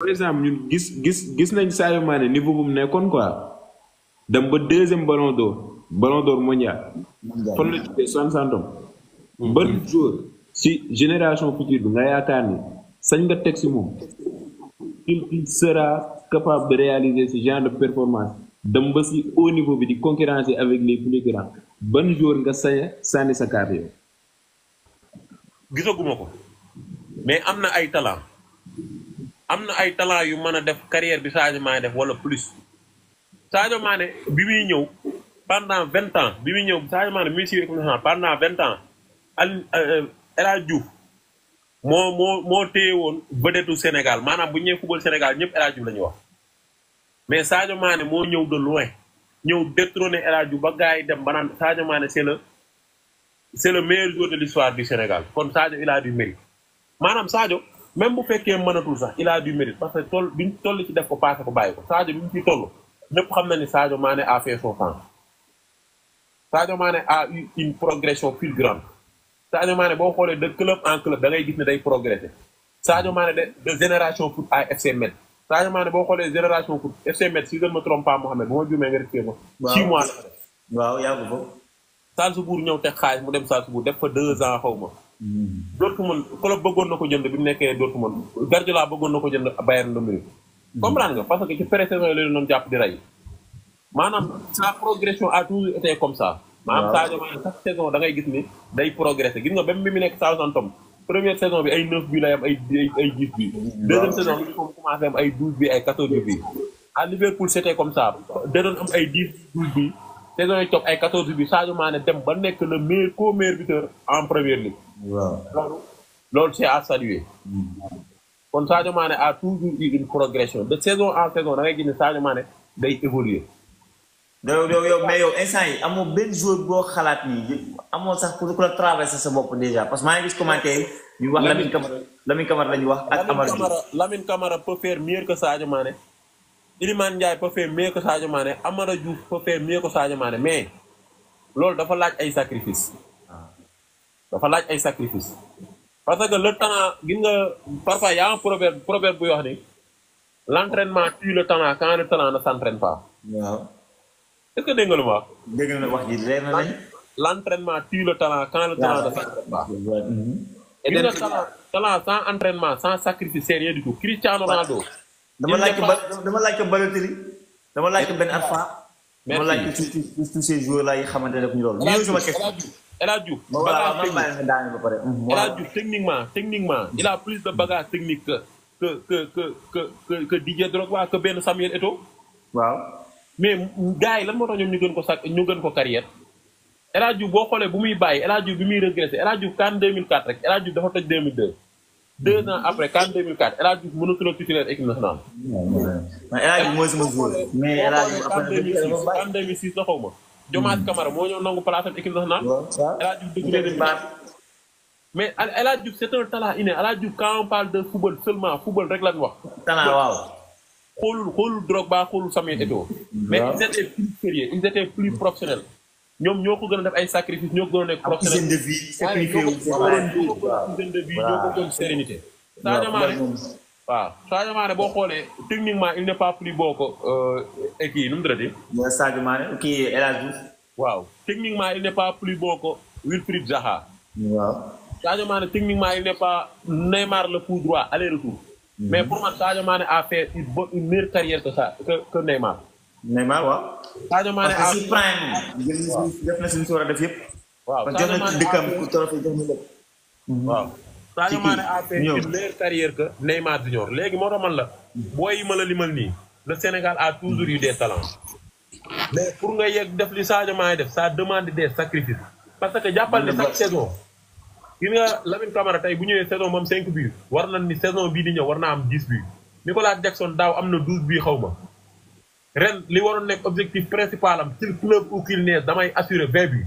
par exemple ñun gis gis gis nañ Sadio Mané niveau bu mu nekkoon quoi dem ba deuxième ballon d'or ballon d'or mondial. fan la jugee soixante santam. bëri mm-hmm. jour si génération future bi nga yaakaar ni sañ nga teg si moom. il sera capable de réaliser ce genre de performance dem ba si haut niveau bi di concurrencer avec les plus grands ban jour nga sañ sànni sa carrière gisaguma ko mais am na ay talents am na ay talent yu mën a def carrière bi Sadio Mané def wala plus Sadio maane bi muy ñëw pendant vingt ans bi muy ñëw Sadio Mané bi muy suivi pendant vingt ans al euh, El Hadj Diouf moo moo moo téye woon vedette Sénégal maanaam bu ñu ñëwee Sénégal ñëpp El la ñuy wax mais Sadio Mané moo ñëw de loin ñëw détrôner El Hadj ba gars yi dem banaan saajo maane Mané c'est le c'est le meilleur joueur de l'histoire du Sénégal kon Sadio il du mérite maanaam Sadio. même bu fekkee mënatul sax il a du mérite parce que tol biñ toll ci def ko passé ko bàyyi ko Sadio biñ ci toll ñëpp xam na ni Sadio Mané a fait son temps Sadio Mané a eu une progression plus fulgurante Sadio Mané boo xoolee de club en club da ngay gis ne day progresser Sadio Mané de de génération foot à FC Metz Sadio Mané boo xoolee génération foot FC Metz si je ne me trompe pas Mohamed bu ma juumee nga rectifier ko 6 mois la fa def. waaw yàggu ko. Salzbourg ñëw teg xaalis mu dem Salzbourg def fa 2 ans xaw ma. Dortmund club bëggoon na ko jënd bi mu nekkee Dortmund Guardiola bëggoon na ko jënd na de Munich comprendre nga parce que ci pré-saison la ñu doon jàpp di rey maanaam sa progression a toujours été comme ça. maanaam Sadio saison da ngay gis ni day progresser gis nga même bi mu nekk Southampton première saison bi ay 9 bi lay am ay ay 10 bi. deuxième saison ay 12 bi ay 14 bi. à Liverpool c'était comme ça da doon am ay 10 12 bi saison yi topp bi Sadio Mané dem ba nekk le meilleur co-meilleur buteur en première ligue. waaw loolu loolu c'est à hmm. kon saajo maane a toujours eu une progression de saison en saison da ngay gis ne Sadio Mané day évoluer. da yow yow mais yow instant yi amoo benn jour boo xalaat nii amoo sax pour ku la traversé sa bopp déjà parce que maa ngi gis commentaire yi ñu wax Lamine Camara Lamine Camara la ñu wax ak Amara Lamine Camara peut faire mieux que Sadio Mané Iliman Ndiaye peut faire mieux que Sadio Mané Amara Diouf peut faire mieux mais loolu dafa laaj ay sacrifice dafa laaj ay sacrifice parce que le temps gis nga parfois y a un proverbe proverbe bu wax ni l'entraînement tue le temps quand le temps ne s'entraîne pas waaw est ce que dégg nga lu ma wax dégg na wax ji leer na lañ l'entraînement tue le temps quand le temps ne s'entraîne pas mhm. et le talent sans entraînement sans sacrifice c'est rien du tout Cristiano Ronaldo dama laaj ko dama laaj ko Balotelli dama laaj ko Ben alpha. dama laaj ko tous ces joueurs là yi xamante def ñu loolu ñëw sama question El Hadj Diouf. bagage technique mm-hmm, El Hadj Diouf techniquement techniquement il a plus de bagage technique que que que que que que Didier benn Samuel Eto'o. waaw mais gars yi lan moo tax ñu gën ko sax ñu gën ko carrière El boo xoolee bu muy bàyyi El Hadj Diouf bi muy regressé El Hadj Diouf kan 2004 rek El Hadj Diouf dafa toj 2002. deux mm-hmm. ans après kan 2004 El Hadj Diouf mënatul a titulaire équipe nationale. mais El Hadj Diouf mooy sama joueur. mais El Hadj Diouf après kan 2006 kan 2006 xaw ma. Diomaye hmm. Camara moo ñëw nangu place am équipe nationale. mais El Hadj Diouf c'est un talent inné El Hadj on parle de football seulement football rek la ñu wax. talent waaw. xoolul xoolul Drogba xoolul Eto'o. Hmm. mais ils étaient plus sérieux ils étaient plus professionnels. ñoom ñoo ko gën a def ay sacrifices ñoo gën a nekk professionnel hygiène de vie waaw Sadio Mané boo xoolee techniquement il n'est pas plus beau que euh, kii nu mu tuddati. mooy Sadio Mané kii El Hadj Diouf. waaw techniquement pas plus beau que Wilfried Zaha. waaw Sadio Mané techniquement il n'est pas Neymar le coup droit aller-retour. Mhm. mais pour man Sadio Mané a une bonne une meilleure carrière que ça Neymar. Neymar waaw. Sadio Mané a prime waaw Sadio Mané parce waaw. Sadio Mané a fait une meilleure carrière que Neymar léegi moo tax man la booy yi ma limal nii le Sénégal a toujours eu des talents pour nga yegg def li Sadio Mané def ça demande des sacrifices parce que jàppal ne chaque saison gis nga Lamine Camara tey bu ñëwee saison moom cinq bi war na ni saison bii di ñëw war naa am dix bi Nicolas Jackson daaw am na douze buts xaw ma ren li waroon nekk objectif principal am s'il pleuve ou qu'il neige damay assurer vingt buts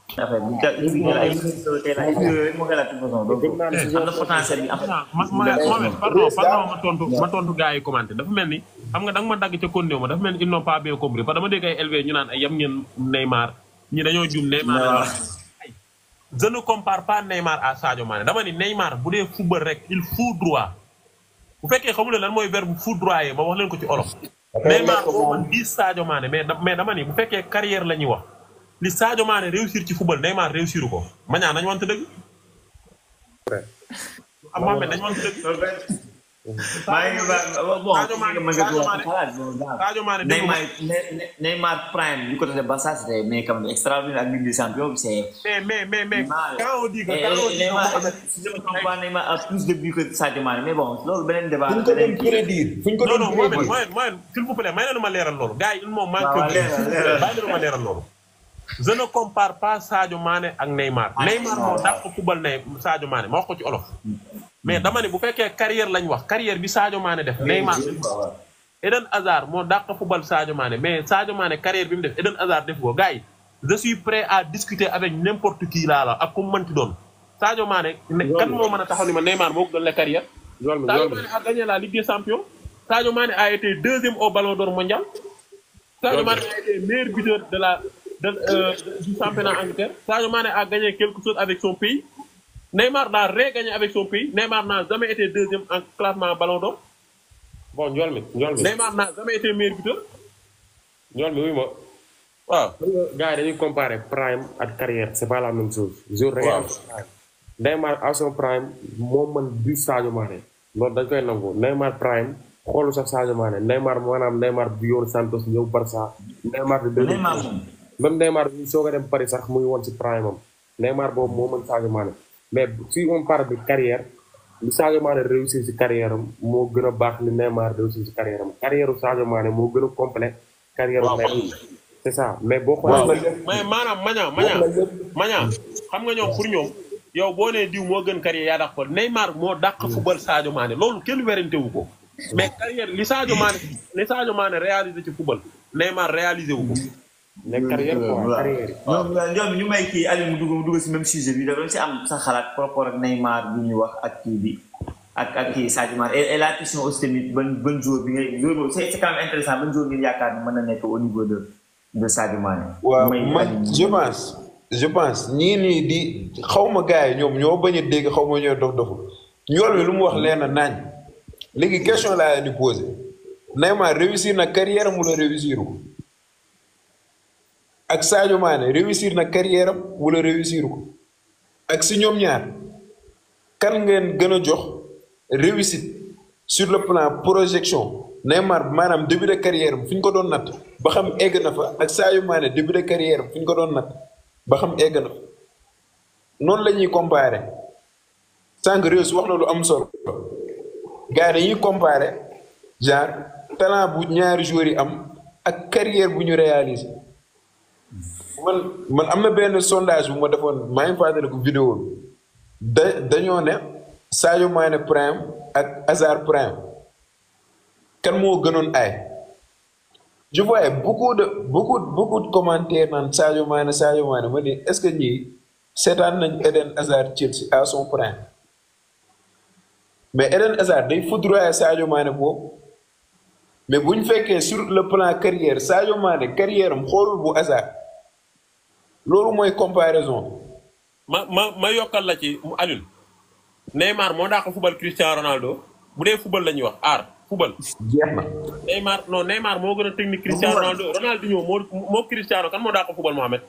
affaire bi da gis nga ay tey la yooyu moo koy laajte façon donc am ma pardon pardon yi commenté dafa mel ni xam nga danga ma dagg ca kondéew ma dafa mel ni ils n'ont pas bien compris parce que dama dégg ay élevé ñu naan ay yam ngeen Neymar ñi dañoo jum Neymar je ne compare pas Neymar à Sadio Mané dama ni Neymar bu dee football rek il faut droit bu fekkee xamu leen lan mooy verbe foudroyer ma wax leen ko ci olof Neymar boo man gis mais dama bu fekkee carrière la ñuy wax li Sadio Mané réussir ci football Neymar réussir ko mañaa nañ wante dëgg. am Mohamed nañ wante maa ngi bon Sadio Mané Neymar Neymar prime du côté de Barça c'était mais comme extraordinaire ak mais mais mais mais a plus de buts que Sadio Mané mais bon loolu beneen débat fuñ ko doon prédire fuñ ko doon prédire non non Mohamed Mohamed s'il ma leeral loolu gars yi moom maa ngi ko leeral loolu je ne compare pas Sadio Mané ak Neymar. Ah, Neymar moo dàq fubal ne Sadio Mané ma wax ko ci olof. mais dama ne bu fekkee carrière lañ wax carrière bi Sadio Mané def. Neymar Eden Hazard moo dàq fubal saajo Mané mais Sadio Mané carrière bi mu def Eden Hazard def ko gars yi je suis prêt à discuter avec n'importe qui laa la ak ku mu mënti doon. Sadio Mané kan moo mën a taxaw ni ma Neymar moo ko doon la carrière. loolu Sadio Mané a gagné la Ligue des Champions. Sadio Mané a été deuxième au euh, du championnat Angleterre. Sadio Mané a gagné quelque chose avec son pays. Neymar l'a regagné avec son pays. Neymar n'a jamais été deuxième en classement Ballon d'Or. Bon, Ndiolme, Ndiolme. Neymar n'a jamais été meilleur buteur. Ndiolme, oui, moi. Waaw. gars yi dañuy comparer prime à carrière c'est pas la même chose. Je waaw Neymar à son prime moment mën du Sadio Mané loolu dañ koy Neymar prime Xolou sax Sadio Mané Neymar maanaam Neymar bi Santos ñëw Barça Neymar de Neymar même Neymar bi soog a dem Paris sax muy woon ci prime am Neymar boobu moo mën Sadio Mané mais si on parle de carrière li Sadio Mané réussir ci carrière am moo gën a baax li Neymar réussir ci carrière am carrière u Sadio Mané moo gën a complet carrière c'est ça mais boo xoolee mais maanaam maña maña maña xam nga ñoom pour ñoom yow boo nee diw moo gën carrière yaa dàq ko Neymar moo dàq hmm. football Sadio Mané loolu kenn werante wu ko hmm. mais carrière li Sadio Mané li Sadio Mané réalisé ci football Neymar réalisé wu ko nekk carrière quoi carrière ñoom ñu kii Aliou mu dugg mu dugg si même sujet bi da doon si am sa xalaat par rapport ak Neymar bi ñuy wax ak kii bi ak ak kii Sadio Mané et la question ba tamit ban bi ngay jour boobu c'est quand même intéressant ban jour ngeen yaakaar ni mën na nekk au niveau de de Sadio waaw man je pense je pense ñii nii di xaw ma gars yi ñoom ñoo bañ a dégg xaw ma ñoo dof dofu ñool mi lu mu wax leen naañ léegi question laa leen di posé Neymar réussir na carrière mu la réussir ko. ak Sadio réussir na carrière am wala réussir ko ak si ñom ñaar kan ngeen gëna jox réussite sur le plan projection Neymar manam début de carrière am fi ko doon nat ba xam egg na fa ak Sadio début de carrière am fi ko doon nat ba xam egg na non lañuy la ñuy comparer Reus wax na am solo gaay dañuy comparer genre talent bu ñaari joueurs yi am ak carrière bu ñu réaliser man man am na benn sondage bu ma defoon maa ngi fàttali ko vidéo bi da dañoo ne Sadio maane prime ak Hazard prime kan moo gënoon ay je voyais beaucoup de beaucoup beaucoup de commentaires naan Sadio Mané Sadio Mané ma ne est que ñii seetaan nañ Eden Hazard Chelsea à son prime mais Eden Hazard day foudroyer Sadio Mané boobu mais bu ñu fekkee sur le plan carrière Sadio Mané carrière am xoolul bu Hazard loolu mooy comparaison. ma ma ma yokkal la ci mu Alioune. Neymar moo dàq fubal Cristiano Ronaldo bu dee fubal la ñuy wax aar fubal. jeex na Neymar non Neymar moo gën a technique. Cristiano Ronaldo Ronaldinho moo moo Cristiano kan moo dàq fubal Mohamed.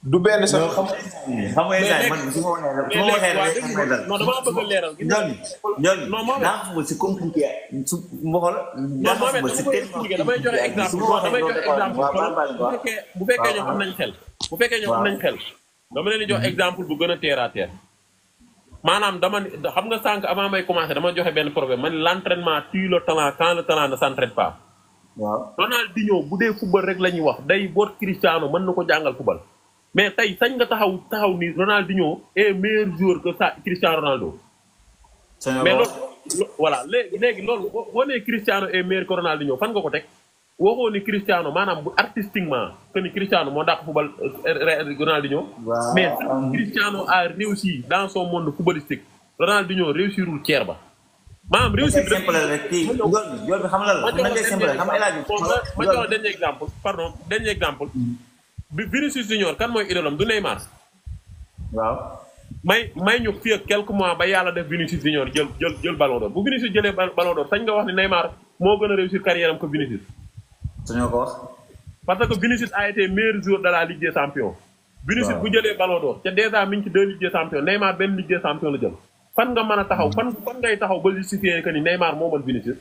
du ben sa xam xam nga man su ma waxee su ma waxee rek xam dal non dama bëgg leral gi ñoon ñoon non moom naa xam ci compliqué su ma xol naa ci tel compliqué damay joxe exemple damay joxe exemple bu fekke bu fekkee ñoom am nañ xel bu fekke ñu xam nañ xel dama leen di jox exemple bu gëna a terre à terre maanaam dama xam nga sank avant may commencer dama joxe ben problème man l'entraînement tu le talent quand le talent ne s'entraîne pas waaw Ronaldinho bu dee football rek lañuy wax day bor Cristiano mën nako jangal football mais tey sañ nga taxaw taxaw ni Ronaldinho est meilleur joueur que ça Cristiano Ronaldo. mais voilà légui légui loolu boo boo Cristiano est meilleur que Ronaldinho fan nga ko tek waxo ni Cristiano manam artistiquement que ni Cristiano mo dàq football euh, Ronaldinho. mais Cristiano a réussi dans son monde footballistique Ronaldinho réussirul ceer ba. maanaam réussir bi simple rek kii yoon bi xam la la. ma jox la exemple pardon dernier exemple. Mm. bi Vinicius Junior kan mooy idolam du Neymar. waaw. may may ñu fii ak quelques mois ba yàlla def Vinicius Junior jël jël jël ballon d'or bu Vinicius jëlee ballon d'or sañ nga wax ni Neymar moo gën a réussir carrière am ko Vinicius. ko wax. parce que Vinicius a été meilleur joueur de la Ligue des champions. Vinicius bu jëlee ballon d'or te dèjà mi ngi ci deux Ligue des champions Neymar benn Ligue des la jël. fan nga mën a taxaw fan fan ngay taxaw ba justifier que ni Neymar moo mën Vinicius.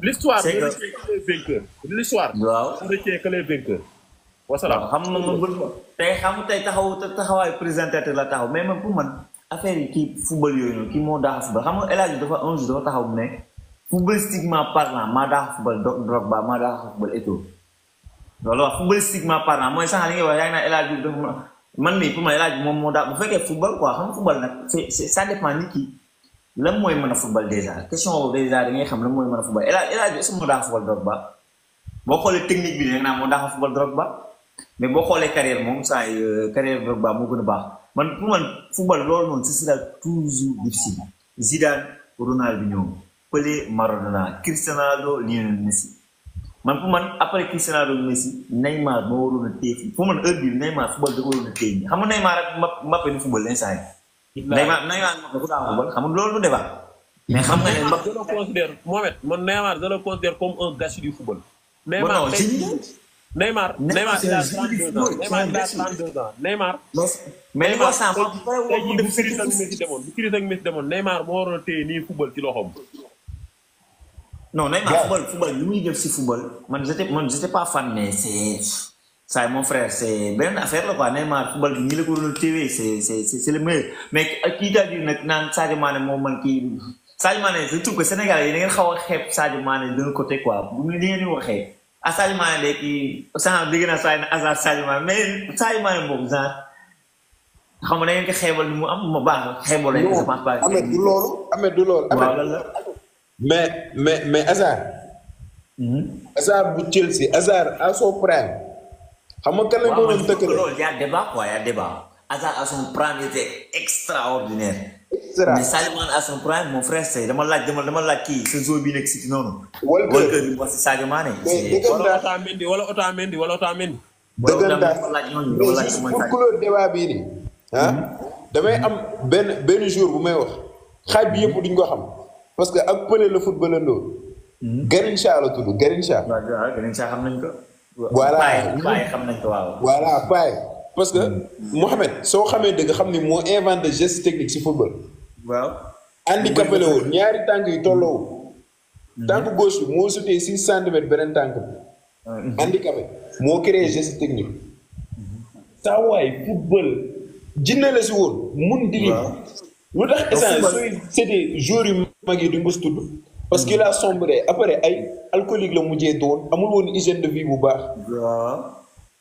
l'histoire ne retient que les vainqueurs l'histoire wasalaam xam nga teh, kamu teh tahu, tey taxaw taxawaayu présentateur la taxaw mais man pour gitu, gitu, man gitu, football yooyu noonu kii moo daa football xam nga El Hadj dafa un jour ne footballistiquement stigma parna daa football Drogba maa daa football Eto'o loolu wax stigma parna mo sax li wa wax yaa ngi naan El Hadj dafa man mii pour man El Hadj moom moo daa bu fekkee football quoi xam nga football nag c'est ça dépend nit ki lan mooy mën a football déjà question déjà ngay xam lan mooy mën football El Hadj El Hadj est-ce que moo daa football technique bi football mais boo xoolee carrière moom saa yu euh, carrière Drogba moo gën a baax man pour man football loolu noonu ce sera toujours difficile Zidane Ronaldinho Pelé Maradona Cristiano Ronaldo Lionel Messi man pour man après Cristiano Ronaldo Messi Neymar moo waroon a téye pour man heure bii Neymar football da ko waroon a téye nii xam nga Neymar ak Mbappé du football l'instant yi. Neymar Neymar Mbappé ku daa football xam nga loolu lu mais xam nga ne Mbappé je le considère Mohamed man Neymar je le comme un gâchis du football. Neymar Neymar il a 32 ans Neymar il a 32 ans demoon Neymar moo waroon a téye nii football ci loxoom. non Neymar football football li muy def si football man j'étais man j'étais pas fan mais c'est ça mon frère c'est beneen affaire la quoi Neymar football gi ñi la ko a téye c'est c'est c'est le mais kii daal di naan Sadio Mané moom man kii Sadio Mané je trouve que Sénégal yi da ngeen xaw a xeeb Sadio Mané d'un côté quoi bu ngeen di waxee. a Sadio Mané de kii sànq dégg naa Sadio Mané mais Sadio Mané boobu genre xam nga da ngeen ko xeebal mu am mu baax la xeebal lañ. je pense pas Ameth du loolu Ameth du loolu. waaw lan la mais mais mais mhm. bu Chelsea Hazard à son prime. xam nga kan lañ ko doon tëkkale waaw man loolu y a débat quoi y à son prime était extraordinaire. mais Saliman à son prime mon frère c'est dama laaj dama dama laaj kii saison bien nekk non? noonu. Walker bi mu c'est... si Sadio Mané. wala C'est wala Otamendi wala Otamendi. pour couleur débat bii C'est ah, hmm? am jour bu may wax C'est bi duñ ko parce que ak Pelé C'est hmm? nañ ko. voilà Paye xam voilà parce que mm. Mohamed soo xamee dëgg xam ni moo inventé geste technique si football. waaw handicapé la woon ñaari tànk yi tolloo. Mm-hmm. tànk gauche bi moo sutee six centimètres beneen tànk bi. Mm-hmm. handicapé moo créé geste technique. Mm-hmm. saa waay football. jinne la si woon mun diri. lu tax essence sooy seetee joueurs yu mag yi parce que il a sombré après ay alcoolique le moudié doon amul woon hygiène de vie bu baax.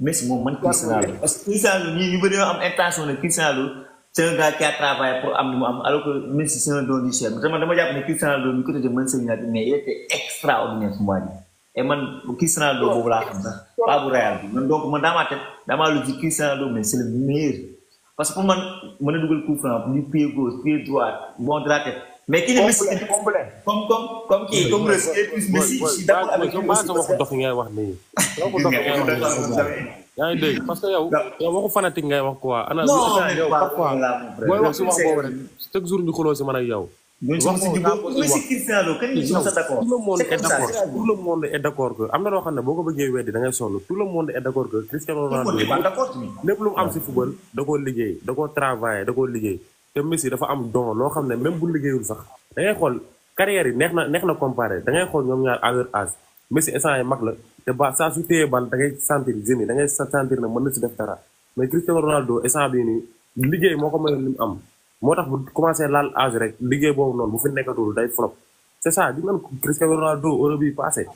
Messi moom man Cristiano Ronaldo parce que Cristiano Ronaldo ñii ñu bëri am intention ne Cristiano Ronaldo c'est un a travaillé pour am lu mu am alors que Messi c'est un don du dama dama jàpp ne Cristiano Ronaldo ñu ko tuddee Manchester United mais il était extraordinaire fu mu et man Cristiano Ronaldo boobu laa xam sax pas bu Real bi man donc man daa maa teg daa maa lu parce que pour man a dugal coup franc ñu pied gauche droit bon de mais ki ne Messi comme comme comme kii waxu dof ngay wax nii waxu dof que yow yow waxu fanatique ngay wax quoi ana yow wax si wax boobu chaque jour ñu xuloo si man ak yow wax si jubóo Messi Cristiano tout le monde est d'accord tout le monde est d'accord que am na loo xam ne boo ko bëggee weddi da ngay sonn tout le monde est d'accord que Cristiano Ronaldo lépp lu mu am si football da koo liggéey da koo travailler da koo liggéey te Messi dafa am don loo xam ne même bu liggéeyul sax da ngay xool carrière yi neex na neex na comparé da ngay xool ñoom ñaar à leur âge Messi instant yi mag la te ba saa su téyee bal da ngay sentir jeune yi da ngay sentir na mën na si def dara mais Cristiano Ronaldo instant bii nii liggéey moo ko may li mu am moo tax bu commencé laal âge rek liggéey boobu noonu bu fi nekkatul day flop c'est ça di man Cristiano Ronaldo Europe yi passé